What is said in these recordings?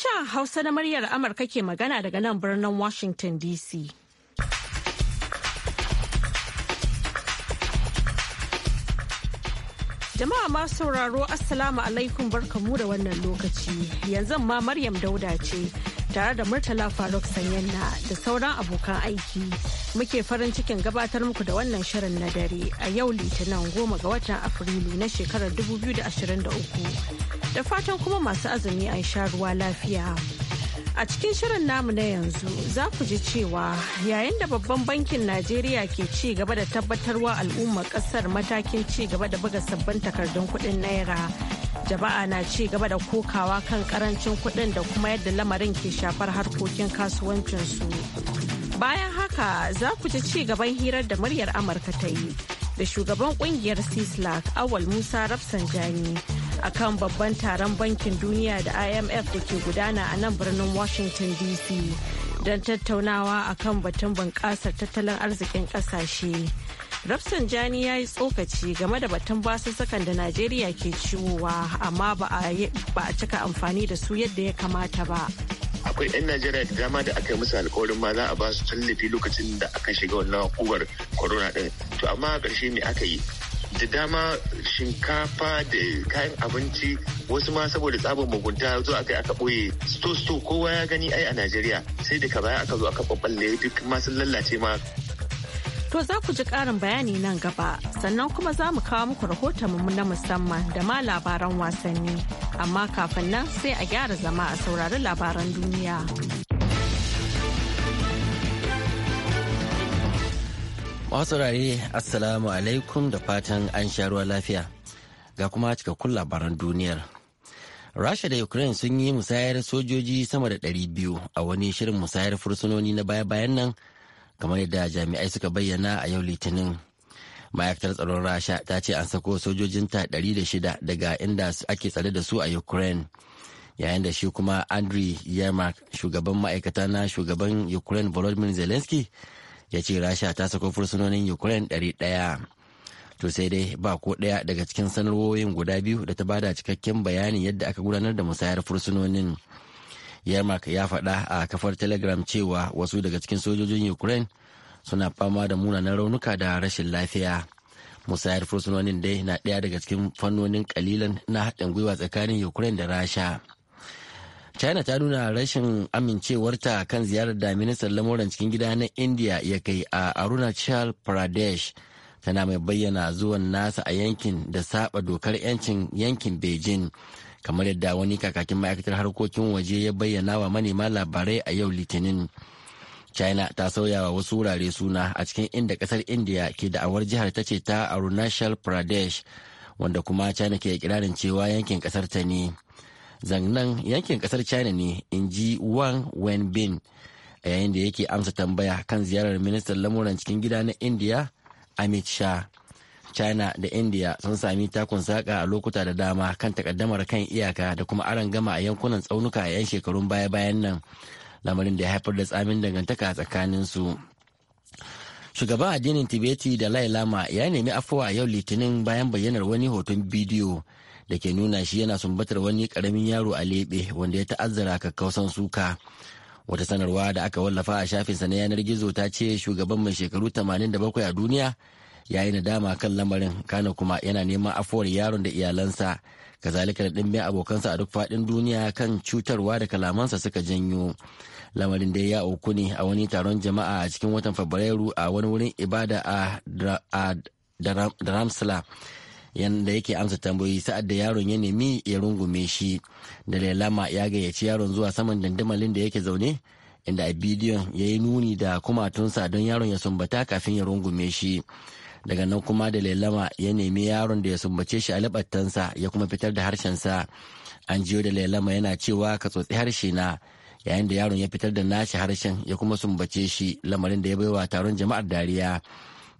Sasha Hausa na muryar Amurka ke magana daga nan birnin Washington DC. Jama'a ma sauraro Assalamu alaikum barkamu da wannan lokaci. Yanzu ma Maryam Dauda ce tare da Murtala Faruk Sanyanna da sauran abokan aiki muke farin cikin gabatar muku da wannan shirin na dare a yau litinin goma ga watan Afrilu na shekarar 2023. Da fatan kuma masu azumi an sha ruwa lafiya. A cikin shirin namu na yanzu za ku ji cewa yayin da babban bankin Najeriya ke ci gaba da tabbatarwa al'ummar kasar matakin ci gaba da buga sabbin takardun kuɗin naira. Jama'a na ci gaba da kokawa kan karancin kuɗin da kuma yadda lamarin ke shafar harkokin kasuwancinsu. Bayan haka za ku ji ci gaban hirar da muryar Amurka ta yi da shugaban ƙungiyar Sislak Awal Musa Rafsanjani. akan babban taron bankin duniya da imf da ke gudana a nan birnin washington dc don tattaunawa akan batun bunƙasar tattalin arzikin ƙasashe jani ya yi tsokaci game da batun basussukan da najeriya ke ciwowa amma ba a cika amfani da su yadda ya kamata ba akwai 'yan najeriya da dama da aka yi musu alkawarin ma za a ba su tallafi lokacin da aka shiga wannan hukumar corona din to amma a ƙarshe me aka yi da dama shinkafa da kayan abinci wasu ma saboda tsabin mugunta zo aka aka boye sto sto kowa ya gani ai a Najeriya sai da ka baya aka zo aka babballe duk masu sun lallace ma To za ku ji ƙarin bayani nan gaba, sannan kuma za mu kawo muku rahotonmu na musamman da ma labaran wasanni. Amma kafin nan sai a gyara zama a saurari labaran duniya. Masaurare Assalamu alaikum da fatan an sha ruwa lafiya ga kuma cikakkun labaran duniyar. Rasha da Ukraine sun yi musayar sojoji sama da ɗari biyu a wani shirin musayar fursunoni na baya-bayan nan kamar yadda jami'ai suka bayyana a yau litinin. ma'aikatar tsaron rasha ta ce an sako sojojinta shida daga inda ake tsare da su a ukraine yayin da shi kuma andriy yermak shugaban ma'aikata na shugaban ukraine volodymyr zelensky ya ce rasha ta sako fursunonin ukraine ɗari ɗaya to sai dai ba ko ɗaya daga cikin sanarwoyin guda biyu da ta bada cikakken bayanin yadda aka gudanar da musayar fursunonin yermak ya faɗa a kafar telegram cewa wasu daga cikin sojojin ukraine suna fama da munanan raunuka da rashin lafiya musayar fursunonin dai na ɗaya daga cikin fannonin kalilan na haɗin gwiwa tsakanin ukraine da rasha china ta nuna rashin amincewarta kan ziyarar da ministan lamuran cikin gida na india ya kai a arunachal pradesh tana mai bayyana zuwan nasa a yankin da saba dokar yancin yankin beijing kamar yadda wani kakakin ma'aikatar harkokin waje ya bayyana wa manema labarai a yau litinin china ta sauya wa wasu wurare suna a cikin inda kasar india ke da awar jihar ta ce ta arunachal pradesh wanda kuma china ke kirarin cewa yankin kasar ta ne. zannan yankin kasar china ne in ji wang wenbin a yayin da yake amsa tambaya kan ziyarar ministan lamuran cikin gida na india amit shah china da india sun sami takun saka a lokuta da dama kan takaddamar kan iyaka da kuma aron gama a yankunan tsaunuka a 'yan shekarun baya-bayan nan lamarin da ya haifar da tsamin dangantaka tsakanin su shugaban addinin tibeti da lai lama ya nemi afuwa yau litinin bayan bayyanar wani hoton bidiyo da ke nuna shi yana sumbatar wani karamin yaro a lebe wanda ya ta'azzara kakkausan suka wata sanarwa da aka wallafa a shafinsa na yanar gizo ta ce shugaban mai shekaru 87 a duniya ya yi nadama kan lamarin kana kuma yana neman afuwar yaron da iyalansa kazalika da ɗimbin abokansa a duk faɗin duniya kan cutarwa da kalamansa suka janyo lamarin da ya auku ne a wani taron jama'a a cikin watan fabrairu a wani wurin ibada a daramsla yadda yake amsa tambayoyi sa'ad da yaron ya nemi ya rungume shi da lelama ya gayyaci yaron zuwa saman dandamalin da yake zaune inda a bidiyon ya yi nuni da kumatunsa don yaron ya sumbata kafin ya rungume shi daga nan kuma da lelama ya nemi yaron da ya sumbace shi a labattansa ya kuma fitar da harshensa an jiyo da lelama yana cewa ka tsotsi harshe na yayin da yaron ya fitar da nashi harshen ya kuma sumbace shi lamarin da ya baiwa taron jama'ar dariya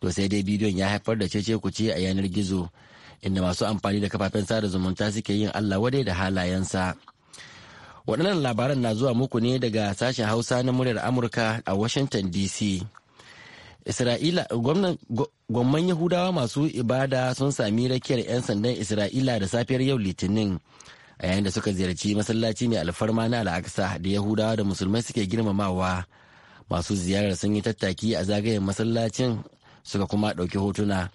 to sai dai bidiyon ya haifar da cece ce a yanar gizo inda masu amfani da kafafen sada zumunta suke yin allah wadai da halayensa waɗannan labaran na zuwa muku ne daga sashen hausa na muryar amurka a washington dc isra'ila gwamman yahudawa masu ibada sun sami rakiyar 'yan sandan isra'ila da safiyar yau litinin a yayin da suka ziyarci masallaci mai alfarma na al'aqsa da yahudawa da musulmai suke girmamawa masu ziyarar sun yi tattaki a zagayen masallacin suka kuma ɗauki hotuna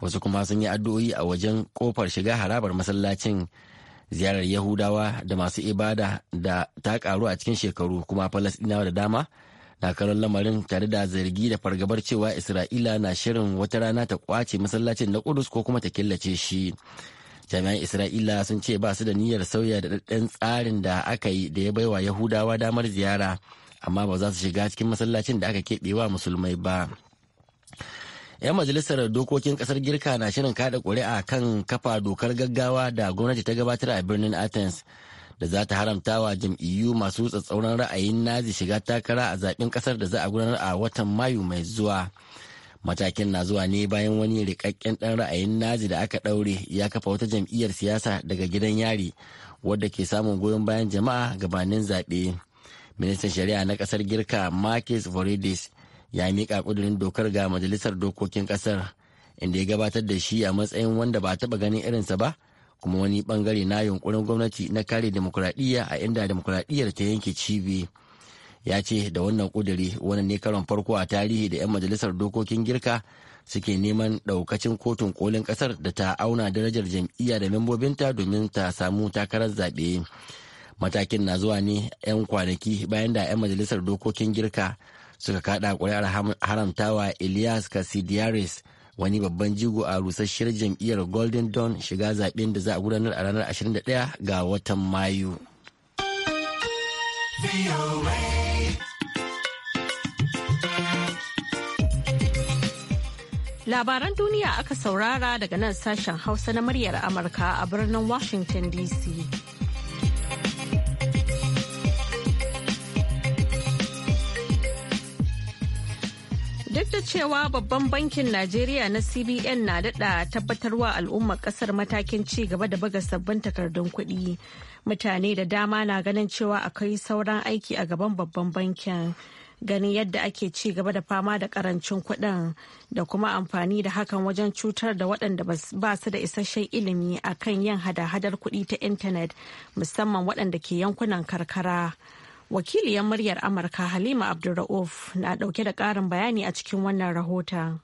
wasu kuma sun yi addu'o'i a wajen kofar shiga harabar masallacin ziyarar yahudawa da masu ibada da ta karu a cikin shekaru kuma falasdinawa da dama na karon lamarin tare da zargi da fargabar cewa isra'ila na shirin wata rana ta kwace masallacin na kudus ko kuma ta killace shi jami'an isra'ila sun ce ba su da niyyar sauya da daɗaɗɗen tsarin da aka yi da ya baiwa yahudawa damar ziyara amma ba za su shiga cikin masallacin da aka keɓe wa musulmai ba. 'Yan majalisar dokokin kasar Girka na shirin kada kuri'a kan kafa dokar gaggawa da gwamnati ta gabatar a birnin Athens da za ta haramta wa jam'iyyu masu tsatsauran ra'ayin nazi shiga takara a zaben kasar da za a gudanar a watan Mayu mai zuwa. Matakin na zuwa ne bayan wani rikakken ɗan ra'ayin nazi da aka ɗaure ya kafa wata jam'iyyar siyasa daga gidan yari wadda ke samun goyon bayan jama'a gabanin zaɓe. Ministan Shari'a na ƙasar Girka Marcus Voridis ya miƙa ƙudurin dokar ga majalisar dokokin ƙasar inda ya gabatar da shi a matsayin wanda ba taɓa ganin irinsa ba kuma wani ɓangare na yunkurin gwamnati na kare demokuraɗiyya a inda demokuraɗiyyar ta yanke cibi ya ce da wannan ƙudiri wannan ne karon farko a tarihi da 'yan majalisar dokokin girka suke neman ɗaukacin kotun kolin ƙasar da ta auna darajar jam'iyya da membobinta domin ta samu takarar zaɓe matakin na zuwa ne 'yan kwanaki bayan da 'yan majalisar dokokin girka suka kada kuri'ar haramtawa Elias Kasidiaris wani babban jigo a rusasshiyar jam'iyyar Golden Dawn shiga zaben da za a gudanar a ranar 21 ga watan Mayu. Labaran duniya aka saurara daga nan sashen Hausa na muryar Amurka a birnin Washington DC. Duk da cewa babban bankin Najeriya na CBN na daɗa tabbatarwa al'umma ƙasar matakin ci gaba da buga sabbin takardun kuɗi. Mutane da dama na ganin cewa akwai sauran aiki a gaban babban bankin. Ganin yadda ake ci gaba da fama da karancin kuɗin da kuma amfani da hakan wajen cutar da waɗanda ba su da isasshen ilimi a kan yin hada-hadar kuɗi ta intanet musamman waɗanda ke yankunan karkara. wakiliyar muryar amurka halima abdulra'uf na dauke da karin bayani a cikin wannan rahoton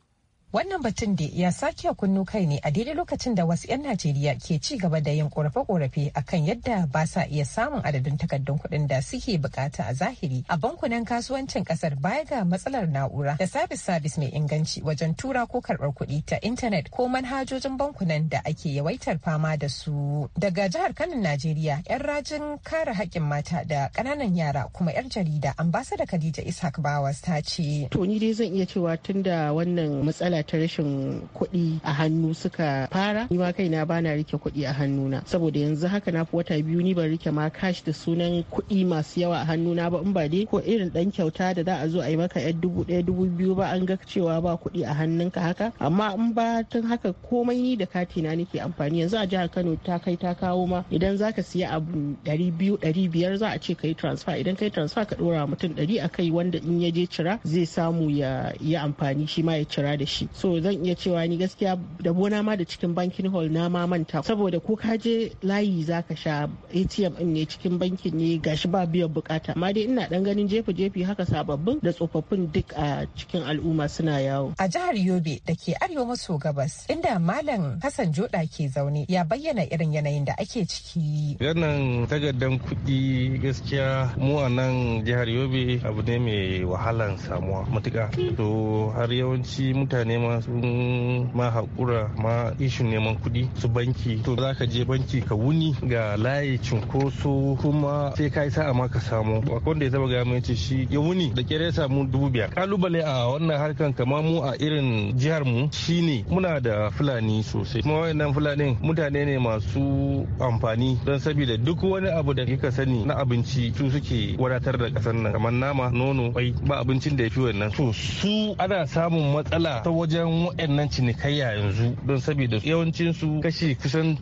Wannan batun da ya sake kunnu kai ne a daidai lokacin da wasu 'yan Najeriya ke ci gaba da yin korafe-korafe kan yadda ba sa iya samun adadin takardun kuɗin da suke bukata a zahiri a bankunan kasuwancin kasar baya ga matsalar na'ura da sabis sabis mai inganci wajen tura ko karɓar kuɗi ta intanet ko manhajojin bankunan da ake yawaitar fama da su. Daga jihar Kanin Najeriya 'yan rajin kare haƙƙin mata da ƙananan yara kuma 'yar jarida ambasada Khadija Ishak Bawas ta ce. To ni dai zan iya cewa tun da wannan matsala ta rashin kuɗi a hannu suka fara ni ma kaina na rike kuɗi a hannuna saboda yanzu haka na fi wata biyu ni ban rike ma cash da sunan kuɗi masu yawa a hannuna ba in ba dai ko irin dan kyauta da za a zo a yi maka yar dubu ɗaya dubu biyu ba an ga cewa ba kuɗi a hannunka haka amma in ba tun haka komai ni da katina nake amfani yanzu a jihar Kano ta kai ta kawo ma idan zaka siya abu ɗari biyu ɗari biyar za a ce ka yi transfer idan ka yi transfer ka ɗora mutum ɗari a kai wanda in ya je cira zai samu ya yi amfani shi ma ya cira da shi shi so zan iya cewa ni gaskiya da bona ma da cikin bankin hall na ma manta saboda ko ka je layi zaka sha atm din ne cikin bankin ne gashi ba biyan bukata amma dai ina dan ganin jefe jefi haka sababbin da tsofaffin duk a cikin al'umma suna yawo a jihar yobe da ke arewa maso gabas inda malam hassan joda ke zaune ya bayyana irin yanayin da ake ciki wannan tagaddan kuɗi gaskiya mu a nan jihar yobe abu ne mai wahalan samuwa matuka to har yawanci mutane nema sun ma haƙura ma ishin neman kuɗi su banki to za ka je banki ka wuni ga layi cunkoso kuma sai ka yi sa'a ma ka samu akwai da ya taba gaya ce shi ya wuni da kyar ya samu dubu biyar kalubale a wannan harkan kamar mu a irin jihar mu shine muna da fulani sosai kuma wayannan fulani mutane ne masu amfani don sabida duk wani abu da kika sani na abinci su suke wadatar da kasar nan kamar nama nono kwai ba abincin da ya fi wannan to su ana samun matsala ta wajen waɗannan cinikayya yanzu don saboda yawancin su kashi kusan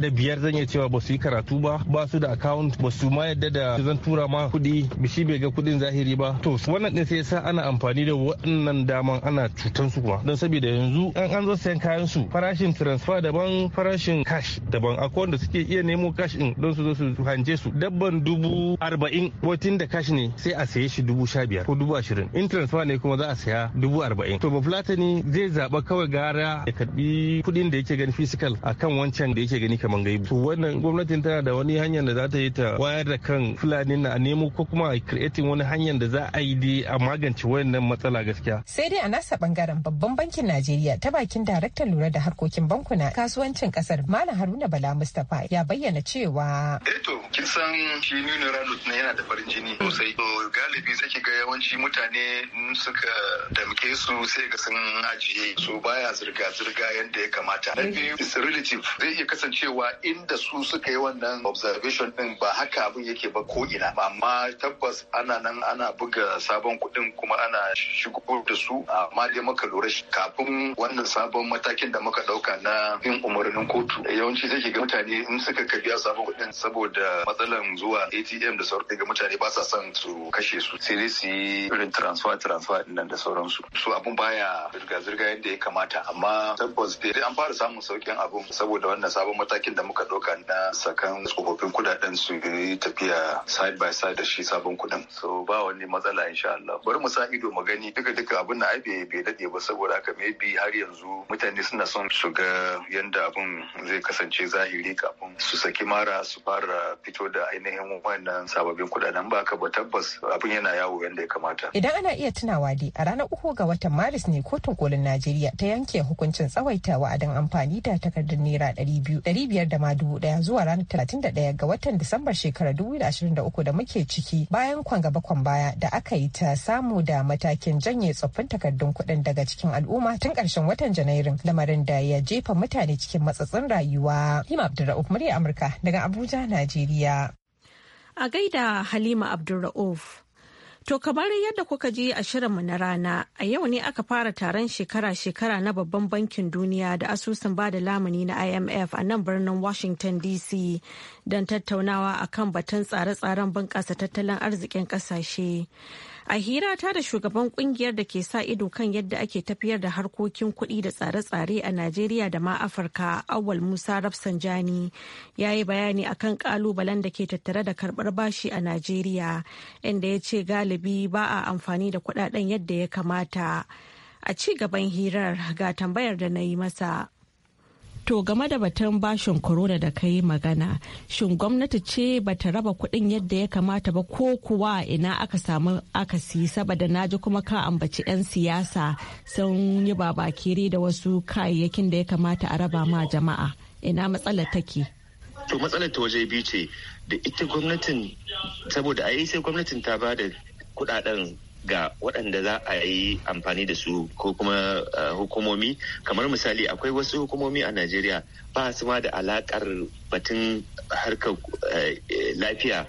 da biyar zan iya cewa ba su yi karatu ba ba su da account ba su ma yadda da zan tura ma kuɗi bishi bai ga kuɗin zahiri ba to wannan ɗin sai yasa ana amfani da waɗannan daman ana cutan su kuma don saboda yanzu an an zo sayan kayan su farashin transfer daban farashin cash daban akwai wanda suke iya nemo cash din don su zo su hanje su dabban dubu arba'in watin da cash ne sai a saye shi dubu sha biyar ko dubu ashirin in transfer ne kuma za a saya dubu arba'in to ba ne zai zaba kawai gara ya karbi kuɗin da yake gani fisikal a kan wancan da yake gani kamar gaibu to wannan gwamnatin tana da wani hanyar da za ta yi ta wayar da kan fulani na a nemo ko kuma a creating wani hanyar da za a yi dai a magance wayannan matsala gaskiya sai dai a nasa bangaren babban bankin najeriya ta bakin daraktan lura da harkokin bankuna kasuwancin kasar malam haruna bala mustapha ya bayyana cewa eto eh kin san shi nuna ralut na yana da farin jini sosai to galibi sai ga yawanci mutane suka damke su sai ga sun an ajiye su baya zirga-zirga yadda ya kamata na biyu is relative zai iya kasancewa inda su suka yi wannan observation din ba haka abin yake ba ko ina amma tabbas ana nan ana buga sabon kuɗin kuma ana shigo da su amma dai maka lura kafin wannan sabon matakin da muka ɗauka na Yin umarnin kotu yawanci zai ga mutane in suka ka biya sabon kuɗin saboda matsalan zuwa ATM da sauran ga mutane ba sa son su kashe su sai dai su yi irin transfer transfer din nan da sauransu su abun baya zirga-zirga yadda ya kamata amma tabbas dai an fara samun saukin abun saboda wannan sabon matakin da muka ɗauka na sakan tsofaffin kudaden su yi tafiya side by side da shi sabon kudin so ba wani matsala insha Allah bari mu sa ido mu gani duka duka abun na ai bai dade ba saboda haka maybe har yanzu mutane suna son su ga yanda abun zai kasance zahiri kafin su saki mara su fara fito da ainihin wannan sababbin kudaden ba ka ba tabbas abin yana yawo yanda ya kamata idan ana iya tunawa dai a ranar uku ga watan Maris ne ko kotun kolin najeriya ta yanke hukuncin tsawaita wa'adin amfani da takardar naira ɗari biyar da ma dubu ɗaya zuwa ranar talatin da ɗaya ga watan disambar shekarar dubu da ashirin da uku da muke ciki bayan kwanga bakwan baya da aka yi ta samu da matakin janye tsoffin takardun kuɗin daga cikin al'umma tun ƙarshen watan janairun lamarin da ya jefa mutane cikin matsatsin rayuwa hima abdulra'uf murya amurka daga abuja najeriya a gaida halima abdulra'uf To kamar yadda kuka ji a shirinmu na rana, a yau ne aka fara taron shekara-shekara na babban bankin duniya da asusun bada lamuni na IMF a nan birnin Washington DC don tattaunawa akan batun tsare-tsaren bunƙasa tattalin arzikin ƙasashe. A hira ta da shugaban kungiyar da ke sa ido kan yadda ake tafiyar da harkokin kuɗi da tsare-tsare a Najeriya da ma Afirka, Awal Musa Rafsanjani ya yi bayani akan kalubalen da ke tattare da karɓar bashi a Najeriya, inda ya ce galibi ba a amfani da kuɗaɗen yadda ya kamata. A ci gaban hirar ga tambayar da na yi masa. To game da batun bashin corona da ka yi magana, shin gwamnati ce ba ta raba kuɗin yadda ya kamata ba ko kuwa ina aka samu akasi saboda ji kuma ka ambaci 'yan siyasa sun yi babakiri da wasu kayayyakin da ya kamata a raba ma jama'a. Ina matsalar take? To matsalar ta waje biyu ce da ita gwamnatin saboda a yi sai gwamnatin ta ba da kuɗaɗen ga waɗanda za a yi amfani da su ko kuma eh, hukumomi kamar misali akwai wasu hukumomi a najeriya ba su ma da alakar batun harkar eh, eh, lafiya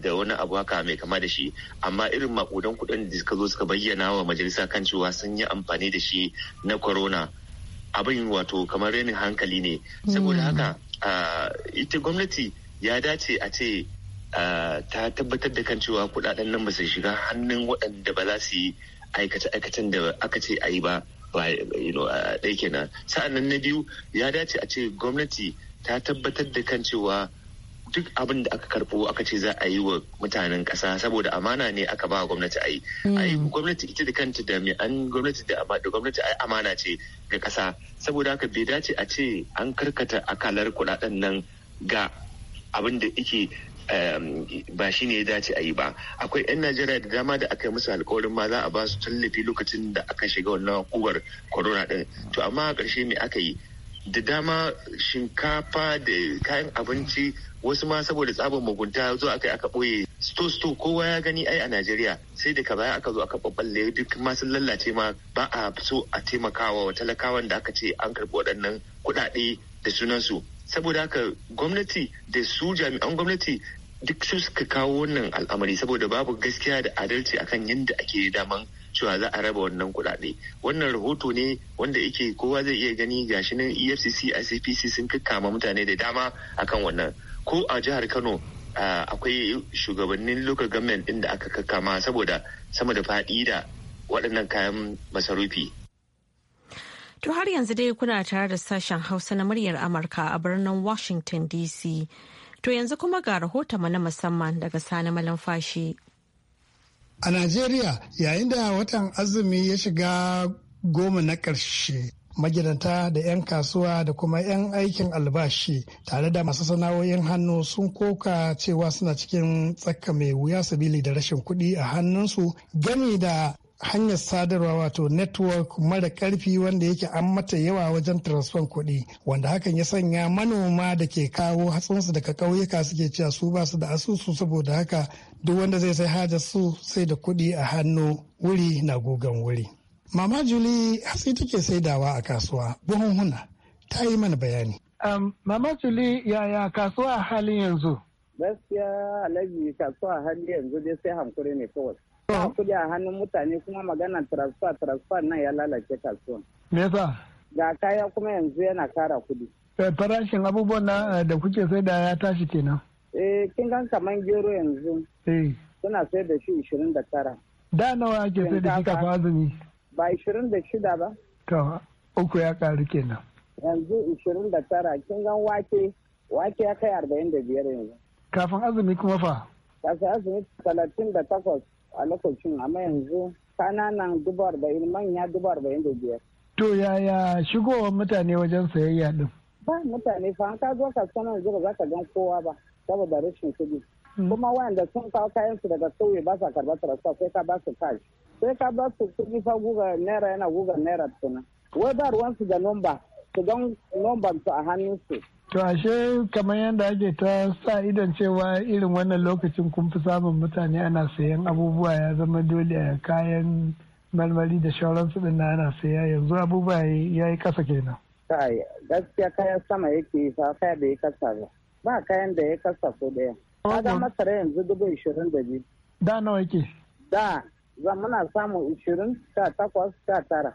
da wani abu haka mai kama da shi amma irin makudan kudin da suka zo suka bayyana wa majalisa kan cewa sun yi amfani da shi na corona abin wato kamar yanin hankali ne saboda hmm. haka ah, ita gwamnati ya dace a ce ta tabbatar da kan cewa kudaden nan ba su shiga hannun waɗanda ba za su yi aikace-aikacen da aka ce a yi ba ɗaya kenan sa'an nan na biyu ya dace a ce gwamnati ta tabbatar da kan cewa duk abin da aka karɓo aka ce za a yi wa mutanen ƙasa saboda amana ne aka ba gwamnati a yi hmm. a yi gwamnati ita da kanta da mai an gwamnati da gwamnati a amana ce ga ƙasa saboda haka bai dace a ce an karkata akalar kuɗaɗen nan ga abin da ike Um, ba shi ne ya dace a yi ba akwai 'yan najeriya da dama da aka yi musu alkawarin ma za a ba su tallafi lokacin da aka shiga wannan kubar corona din to amma a ƙarshe me aka yi da dama shinkafa da kayan abinci wasu ma saboda tsabin mugunta zo aka aka ɓoye sto kowa ya gani ai a najeriya sai da baya aka zo aka ɓaɓɓalle duk ma sun lallace ma ba a so a taimakawa wa talakawan da aka ce an karɓi waɗannan kuɗaɗe da sunansu saboda haka gwamnati da su jami'an gwamnati duk su suka kawo wannan al'amari saboda babu gaskiya da adalci akan yadda ake daman cewa za a raba wannan kuɗaɗe wannan rahoto ne wanda yake kowa zai iya gani gashi nan efcc icpc sun kakkama mutane da dama akan wannan ko a jihar kano akwai shugabannin local government din da aka kakkama saboda sama da faɗi da waɗannan kayan masarufi to har yanzu dai kuna tare da sashen hausa na muryar amurka a birnin washington dc To yanzu kuma ga rahoton na musamman daga Sani Malamfashi. A Najeriya yayin da watan azumi ya shiga goma na ƙarshe magidanta da 'yan kasuwa da kuma 'yan aikin albashi tare da masu sana'o'in hannu sun koka cewa suna cikin tsaka mai wuya sabili da rashin kuɗi a hannunsu gani da hanyar sadarwa wato network mara karfi wanda yake an mata yawa wajen transfer kuɗi wanda hakan ya sanya manoma da ke kawo hatsinsu daga ƙauyuka suke cewa su basu da asusu saboda haka duk wanda zai sai hajar su sai da kuɗi a hannu wuri na gugan wuri. Mama Julie hatsi take saidawa a kasuwa buhunhuna ta yi mana bayani. Um, Mama Julie yaya kasuwa a halin yanzu? gaskiya alhaji kasuwa hali yanzu dai sai hankuri ne kawai kuɗi a hannun mutane kuma magana transfer transfer nan ya lalace kasuwan me yasa ga kaya kuma yanzu yana kara kuɗi farashin abubuwan eh, da kuke sai da ya tashi kenan eh kin gan kaman gero yanzu eh. suna sai da shi ishirin da tara da nawa ake sai da shi kafin azumi ba ishirin da shida ba to uku ya kare kenan yanzu ishirin da tara kin gan wake wake ya kai arba'in da biyar yanzu kafin azumi kuma fa kafin azumi talatin da takwas a lokacin amma yanzu kananan dubu arba'in manya dubu arba'in da biyar to yaya shigowar mutane wajen sayayya din ba mutane fa an ka zo kasuwa yanzu ba za ka gan kowa ba saboda rashin kuɗi hmm. kuma wayanda sun kawo kayan su daga sauye ba sa karɓar tarasa sai ka ba su cash sai ka ba su kuɗi fa guga naira yana guga naira tuna wai ba ruwan su da nomba su don nomban su a hannun su To ashe kamar yadda ake ta sa idan cewa irin wannan lokacin kun fi samun mutane ana sayan abubuwa ya zama dole a kayan marmari da shauransu din ana saya yanzu abubuwa ya yi kasa kenan. Kai gaskiya kayan sama yake yi, kaya da ya kasa ba. Ba kayan da ya kasa ko daya. Kaga masara yanzu dubu ishirin da biyu. Da nawa yake? Da za muna samun ishirin sha takwas sha tara.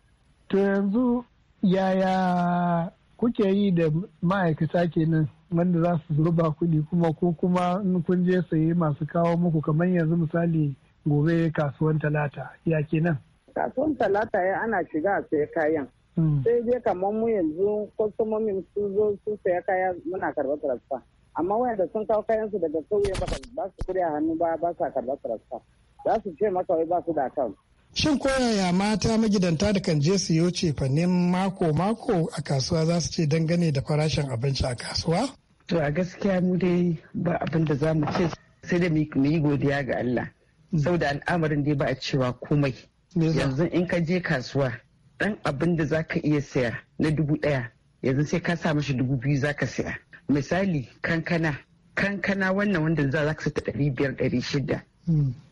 To yanzu yaya kuke yi da ma'aikata kenan wanda za su ba kuɗi kuma ko kuma in kun je saye masu kawo muku kamar yanzu misali gobe kasuwan talata ya kenan. kasuwan talata ya ana shiga a saya kayan hmm. sai dai kamar mu yanzu kwastomomin su zo su saya kaya muna karɓar transfer amma wayanda sun kawo kayan su daga kauye ba su kuɗi a hannu ba ba sa karɓar transfer za su ce maka wai ba su da account Shin koyaya mata magidanta da kan je siyo fannin mako-mako a kasuwa za su ce dangane da farashin abinci a kasuwa? To a gaskiya mu dai ba abin da za mu ce sai da mu yi godiya ga Allah. Mm. da al'amarin dai ba a cewa komai. Yanzu in ka je kasuwa ɗan abin da za ka iya saya na dubu ɗaya yanzu sai ka sa mashi dubu biyu za ka saya. Misali kankana kankana wannan wanda za ka sata ɗari biyar ɗari shida.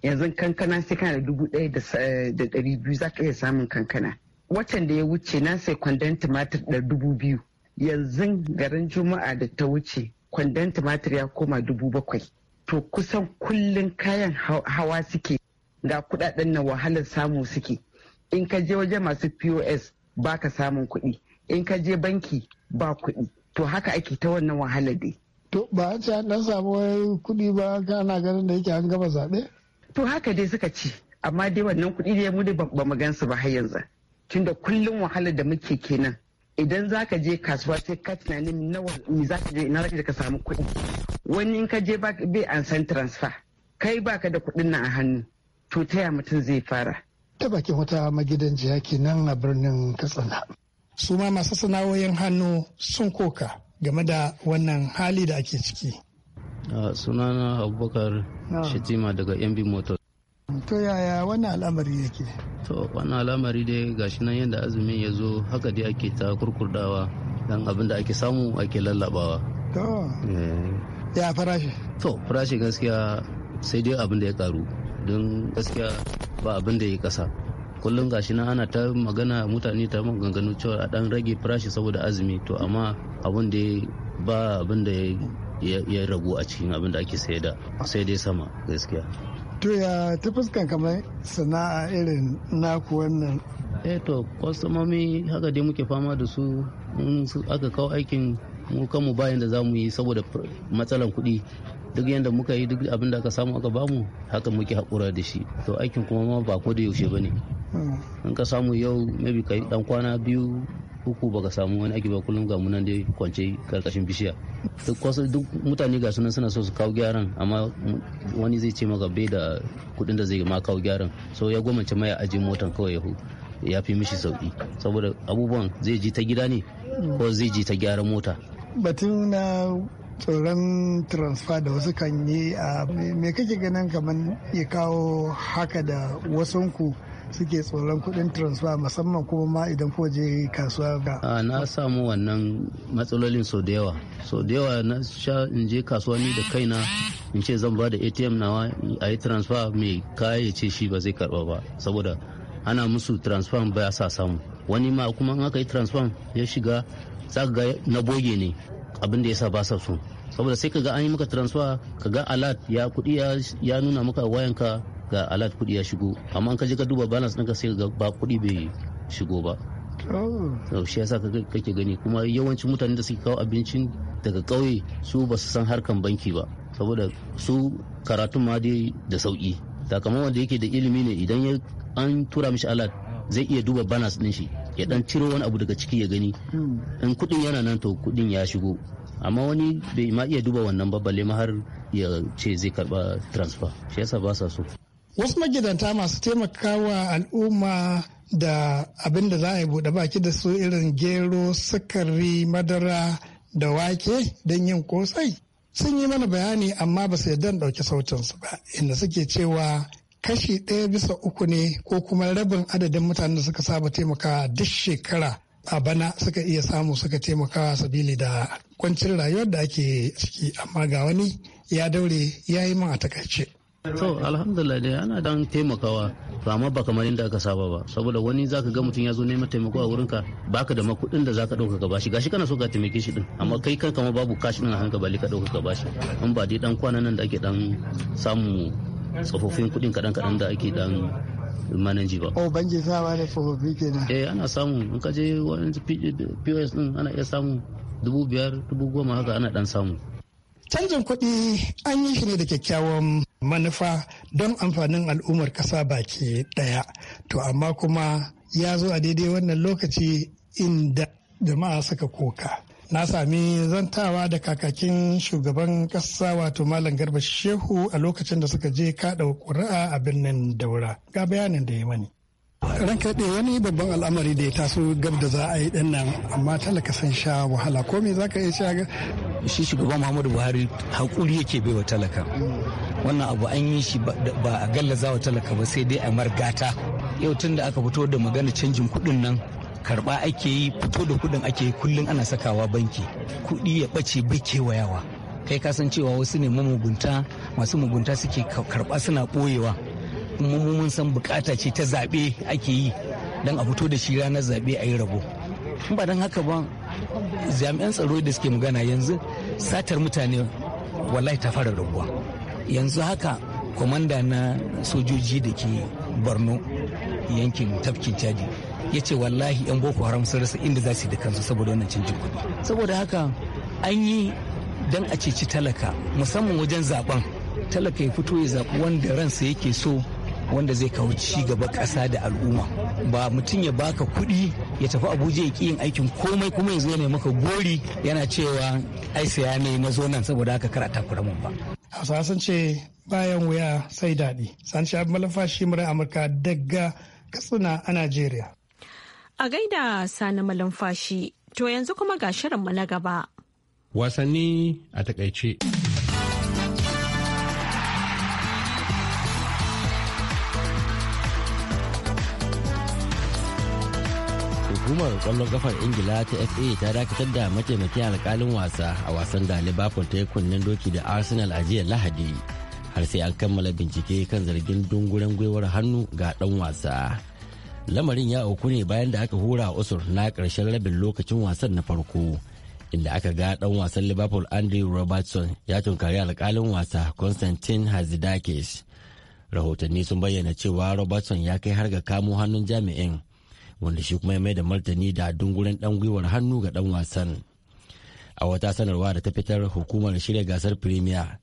yanzu kankana sai kana da dubu ɗaya da ɗari biyu za ka iya samun kankana watan da ya wuce na sai kwandon tumatir da dubu biyu yanzu garin juma'a da ta wuce kwandon tumatir ya koma dubu bakwai to kusan kullun kayan hawa suke ga kudaden na wahalar samu suke in ka je waje masu pos ba ka samun kuɗi in ka je banki ba kuɗi to haka ake ta wannan wahalar dai to ba a ce an samu wani kuɗi ba kana ganin da yake an gama zaɓe. to haka dai suka ci amma dai wannan kuɗi da mu da ba mu gansu ba har yanzu tunda kullum wahalar da muke kenan idan za ka je kasuwa sai ka tunanin nawa ne za ka je ina za ka samu kuɗi wani in ka je bai an san transfer kai baka da kuɗin nan a hannu to taya mutum zai fara ta bakin wata magidanciya kenan a birnin katsina su ma masu sana'o'in hannu sun koka game da wannan hali da ake ciki. sunana abubakar ah. shitima daga mb motor to yaya wannan al'amari yake to wannan al'amari dai gashi nan yadda azumin ya zo haka dai ake ta kurkurdawa dan abin da ake samu ake lallabawa to eh. ya farashi to farashi gaskiya sai dai abin da ya karu don gaskiya ba abin da ya kasa kullum gashi na ana ta magana mutane ta maganganu cewa a dan rage farashi saboda azumi to amma abin da ba abin da ya ragu a cikin abin da ake saida sai dai sama gaskiya to ya ta fuskan kamar sana'a irin naku wannan eh to kwastomomi haka dai muke fama da su aka kawo aikin mu kanmu bayan da za mu yi saboda matsalan kuɗi duk yadda muka yi duk abin da aka samu aka bamu haka muke haƙura da shi to aikin kuma ma ba ko da yaushe ba ne hmm. in ka samu yau maybe ka yi dan kwana biyu uku baka samu wani aiki ba kullum ga munan dai kwance karkashin bishiya duk mutane ga sunan suna so su kawo gyaran amma wani zai ce maka bai da kudin da zai ma kawo gyaran so ya gwamnati ma ya ajiye motan kawai ya ya fi mishi sauki saboda abubuwan zai ji ta gida ne ko zai ji ta gyaran mota batun na tsoron transfer da wasu kan yi a me kake ganin kamar ya kawo haka da ku suke tsoron kuɗin transfer musamman kuma ma idan ko je kasuwa ga a na samu wannan matsalolin sau da yawa sau da yawa na sha in je kasuwa ni da kaina in ce zan ba da atm nawa a yi transfer mai kaya ce shi ba zai karba ba saboda ana musu transfer ba sa samu wani ma kuma in aka yi transfer ya shiga za ga na boge ne abinda da ya sa ba sa so saboda sai ka ga an yi maka transfer ga alat ya kuɗi ya nuna maka wayanka ga alat kuɗi ya shigo amma ka je ka duba balance ɗinka sai ga ba kuɗi bai shigo ba Oh. shi yasa kake gani kuma yawancin mutane da suke kawo abincin daga kauye su ba su san harkan banki ba saboda su karatun ma dai da sauki sakamakon wanda yake da ilimi ne idan ya an tura mishi alat zai iya duba balance ɗin shi ya dan ciro wani abu daga ciki ya gani hmm. in kudin yana nan to kudin ya shigo amma wani bai ma iya duba wannan babbale ma har ya ce zai karba transfer shi yasa ba sa so wasu magidanta masu taimakawa al'umma da abin da za a yi buɗe baki da su irin gero sukari madara da wake don yin kosai sun yi mana bayani amma ba su yarda ɗauki sautinsu ba inda suke cewa kashi ɗaya bisa uku ne ko kuma rabin adadin mutanen da suka saba taimakawa duk shekara a bana suka iya samu suka taimaka sabili da kwancin rayuwar da ake ciki amma ga wani ya daure ya yi a takaice to alhamdulillah dai ana dan taimakawa amma ba kamar inda aka saba ba saboda wani zaka ga mutum ya zo neman taimako a wurinka baka da makudin da zaka dauka ka bashi gashi kana so ka taimake shi din amma kai kan kama babu kashi din a hanka bali ka dauka ka bashi in ba dai dan kwanan nan da ake dan samu tsofaffin kudin kadan kadan da ake dan manage ba oh banki sawa da tsofaffi kenan eh ana samu in ka je POS din ana iya samu dubu biyar dubu goma haka ana dan samu canjin kuɗi an yi shi ne da kyakkyawan manufa don amfanin al'ummar ƙasa baki ɗaya to amma kuma ya zo a daidai wannan lokaci inda jama'a suka koka na sami zantawa da kakakin shugaban ƙasa wato malam garba shehu a lokacin da suka je kaɗa ƙuri'a a birnin daura ga bayanin da ya mani ranka ɗaya wani babban al'amari da ya taso gab da za a yi ɗin nan amma talaka san sha wahala ko me za ka iya sha ga. shi shugaban muhammadu buhari haƙuri yake bai wa talaka wannan abu an yi shi ba a gallaza wa talaka ba sai dai a margata yau tun da aka fito da magana canjin kuɗin nan karba ake yi fito da kudin ake yi kullum ana sakawa banki kudi ya bace bai kewayawa kai kasan cewa wasu ne mamugunta masu mugunta suke karba suna boyewa kuma mun san bukata ce ta zabe ake yi don a fito da shi ranar zabe a yi rabo in ba don haka ba jami'an tsaro da suke magana yanzu satar mutane wallahi ta fara rabuwa yanzu haka kwamanda na sojoji da ke borno yankin tafkin chadi ya ce wallahi 'yan boko haram sun rasa inda za su da kansu saboda wannan canjin kuɗi saboda haka an yi dan a ceci talaka musamman wajen zaben talaka ya fito ya zaɓi wanda ransa yake so wanda zai kawo ci gaba kasa da al'umma ba mutum ya baka kuɗi ya tafi abuja ya ƙi yin aikin komai kuma ya zo ne maka gori yana cewa ai saya ne na zo nan saboda haka kar a takura ba hausa sun ce bayan wuya sai daɗi sanci abin malafashi murar amurka daga katsina a najeriya A gaida sani malumfashi, to yanzu kuma ga shirinmu na gaba. Wasanni a takaice. hukumar kwallon kafar ingila ta fa ta dakatar da mataimakin alkalin wasa a wasan da liverpool ta yi kunnen doki da arsenal a jiya lahadi har sai an kammala bincike kan zargin dunguren gwiwar hannu ga dan wasa lamarin ya auku ne bayan da aka hura usur na ƙarshen rabin lokacin wasan na farko inda aka ga dan wasan liverpool andrew robertson ya tunkari alkalin wasa constantine hazidakis rahotanni sun bayyana cewa robertson ya kai har ga kamo hannun jami'in wanda shi kuma ya mai da martani da dunguren dan gwiwar hannu ga dan wasan a wata sanarwa da ta fitar hukumar shirya gasar premier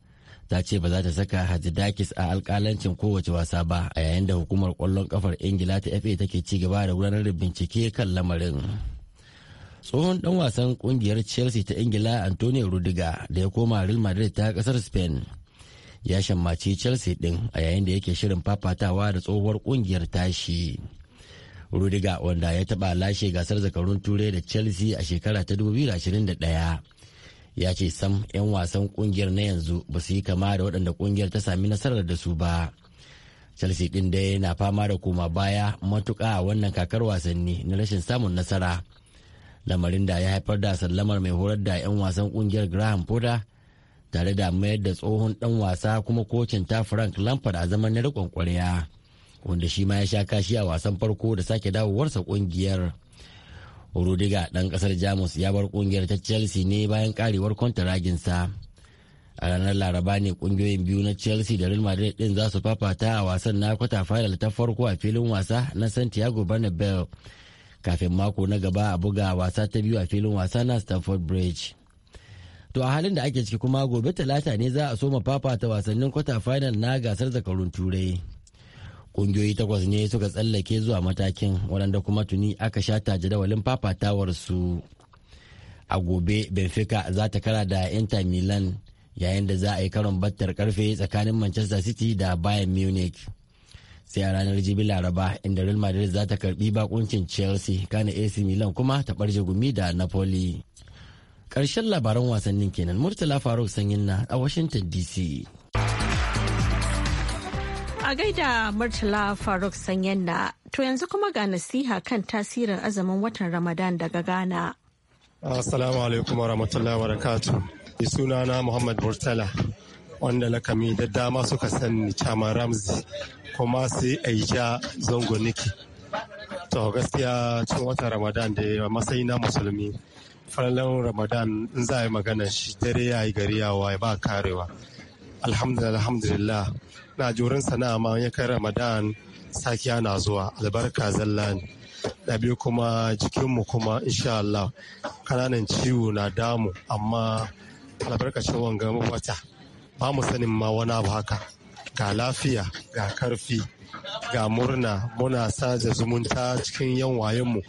ta ce ba za ta saka Dakis a alkalancin kowace wasa ba a yayin da hukumar kwallon kafar Ingila ta FA take ci gaba da gudanar da bincike kan lamarin. Tsohon dan wasan kungiyar Chelsea ta Ingila Antonio Rudiga da ya koma Real Madrid ta kasar Spain ya shammaci Chelsea din a yayin da yake shirin fafatawa da tsohuwar kungiyar tashi. Rudiga wanda ya taba lashe gasar zakarun turai da Chelsea a shekara ta 2021 ya ce sam 'yan wasan kungiyar na yanzu ba su yi kama da waɗanda kungiyar ta sami nasarar da su ba chelsea din dai na fama da koma baya matuƙa a wannan kakar wasanni na rashin samun nasara lamarin da ya haifar da sallamar mai horar da 'yan wasan kungiyar graham potter tare da mayar da tsohon dan wasa kuma kocin ta frank lampard a zaman na riƙon ƙwarya wanda shi ma ya sha kashi a wasan farko da sake dawowarsa kungiyar. Rudiga ɗan ƙasar Jamus ya bar ƙungiyar ta Chelsea ne bayan ƙarewar raginsa. A ranar Laraba ne ƙungiyoyin biyu na Chelsea da Real Madrid ɗin za su fafata a wasan na kwata final ta farko a filin wasa na Santiago Bernabeu. Kafin mako na gaba a buga wasa ta biyu a filin wasa na Stamford Bridge. To a halin da ake ciki kuma gobe talata ne za a soma fafata wasannin kwata final na gasar zakarun turai. kungiyoyi takwas ne suka tsallake zuwa matakin waɗanda kuma tuni aka ta jadawalin fafatawar su a gobe benfica za ta kara da inter milan yayin da za a yi karon battar karfe tsakanin manchester city da bayern munich sai a ranar jibi laraba inda real madrid za ta karbi bakuncin chelsea kana ac milan kuma ta barje gumi da napoli ƙarshen labaran wasannin kenan murtala faruk sanyin na a washington dc a gaida Murtala Faruk Sanyenna, to yanzu kuma ga nasiha kan tasirin azumin watan Ramadan daga Ghana. Assalamu alaikum warahmatullahi wabarakatuh. Sunana Muhammad Murtala, wanda lakami da dama suka sani Chama Ramzi, kuma sai Aisha Zongo Niki. To gaskiya tun watan Ramadan da ya matsayi na musulmi. Falalan Ramadan in za a yi magana shi dare ya yi gari ya ba karewa. Alhamdulillah, alhamdulillah. ɗajorin sana'a ma ya kai ramadan sakiya na zuwa albarka zalla ne na biyu kuma jikinmu kuma insha Allah kananan ciwo na damu amma albarkacin wanga wata ba mu sanin ma wani abu haka ga lafiya ga karfi ga murna muna saja zumunta cikin yan wayenmu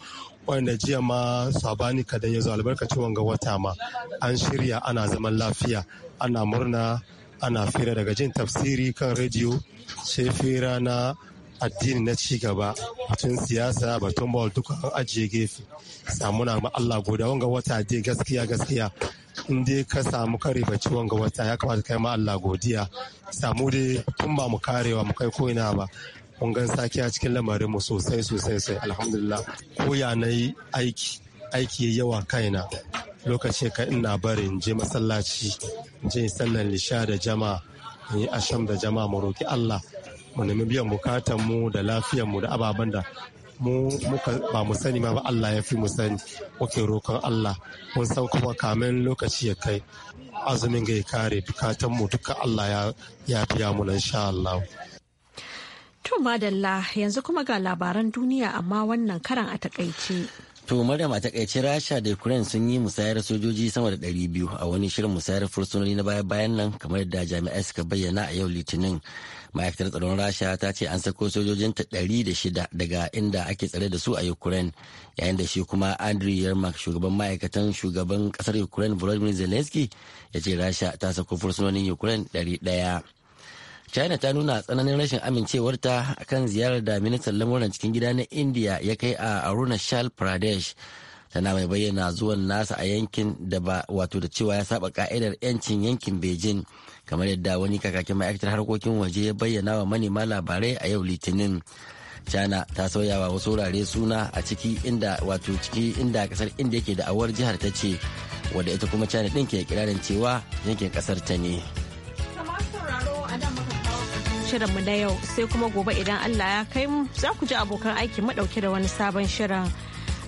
wanda jiya ma sabani kadan ya zo albarkacin wanga wata ma an shirya ana zaman lafiya ana murna ana fira daga jin tafsiri kan rediyo sai fira na addini na cigaba gaba batun siyasa batun bawal duka an ajiye gefe samu na Allah guda wanga wata dai gaskiya gaskiya in dai ka samu kare bacci wanga wata ya kamata kai ma Allah godiya samu dai tun ba mu karewa mu kai koina ba mun gan sakiya cikin lamarin mu sosai sosai sai alhamdulillah ko nayi aiki aiki yawa kaina lokaci ka ina barin je masallaci je sallan lisha da jama'a yi asham da jama'a mu roki Allah mu nemi biyan bukatan mu da lafiyar mu da ababen da mu muka ba mu sani ma ba Allah ya fi mu sani muke roƙon Allah mun san kuma kamin lokaci ya kai azumin ga ya kare bukatan mu duka Allah ya biya mu insha Allah To madalla yanzu kuma ga labaran duniya amma wannan karan a takaice. To Maryam a takaice Rasha da Ukraine sun yi musayar sojoji sama da ɗari biyu a wani shirin musayar fursunoni na baya bayan nan kamar yadda jami'ai suka bayyana a yau Litinin. Ma'aikatar tsaron Rasha ta ce an sako sojojinta ɗari da shida daga inda ake tsare da su a Ukraine yayin da shi kuma Andriy Yermak shugaban ma'aikatan shugaban ƙasar Ukraine Volodymyr Zelensky ya ce Rasha ta sako fursunonin Ukraine ɗari ɗaya. china ta nuna tsananin rashin amincewarta kan ziyarar da ministan lamuran cikin gida na india ya kai a arunachal pradesh tana mai bayyana zuwan nasa a yankin da ba wato da cewa ya saba ka'idar yancin yankin beijing kamar yadda wani kakakin ma'aikatar harkokin waje ya bayyana wa manema labarai a yau litinin china ta sauya wa wasu wurare suna a ciki inda wato ciki inda kasar inda yake da awar jihar ta ce wadda ita kuma china ɗin ke kirarin cewa yankin kasar ta ne. shirinmu na yau sai kuma gobe idan Allah ya kai mu za ku ji abokan aiki madauke da wani sabon shirin.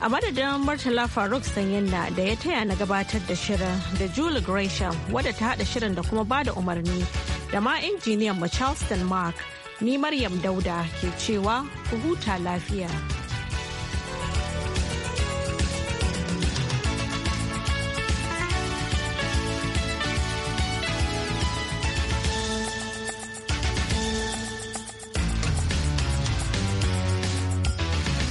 A madadin Murtala Faruk Sanyinna da ya taya na gabatar da shirin da Julie Gresham wadda ta haɗa shirin da kuma bada umarni da ma injiniyan mu Charleston Mark ni Maryam Dauda ke cewa ku huta lafiya.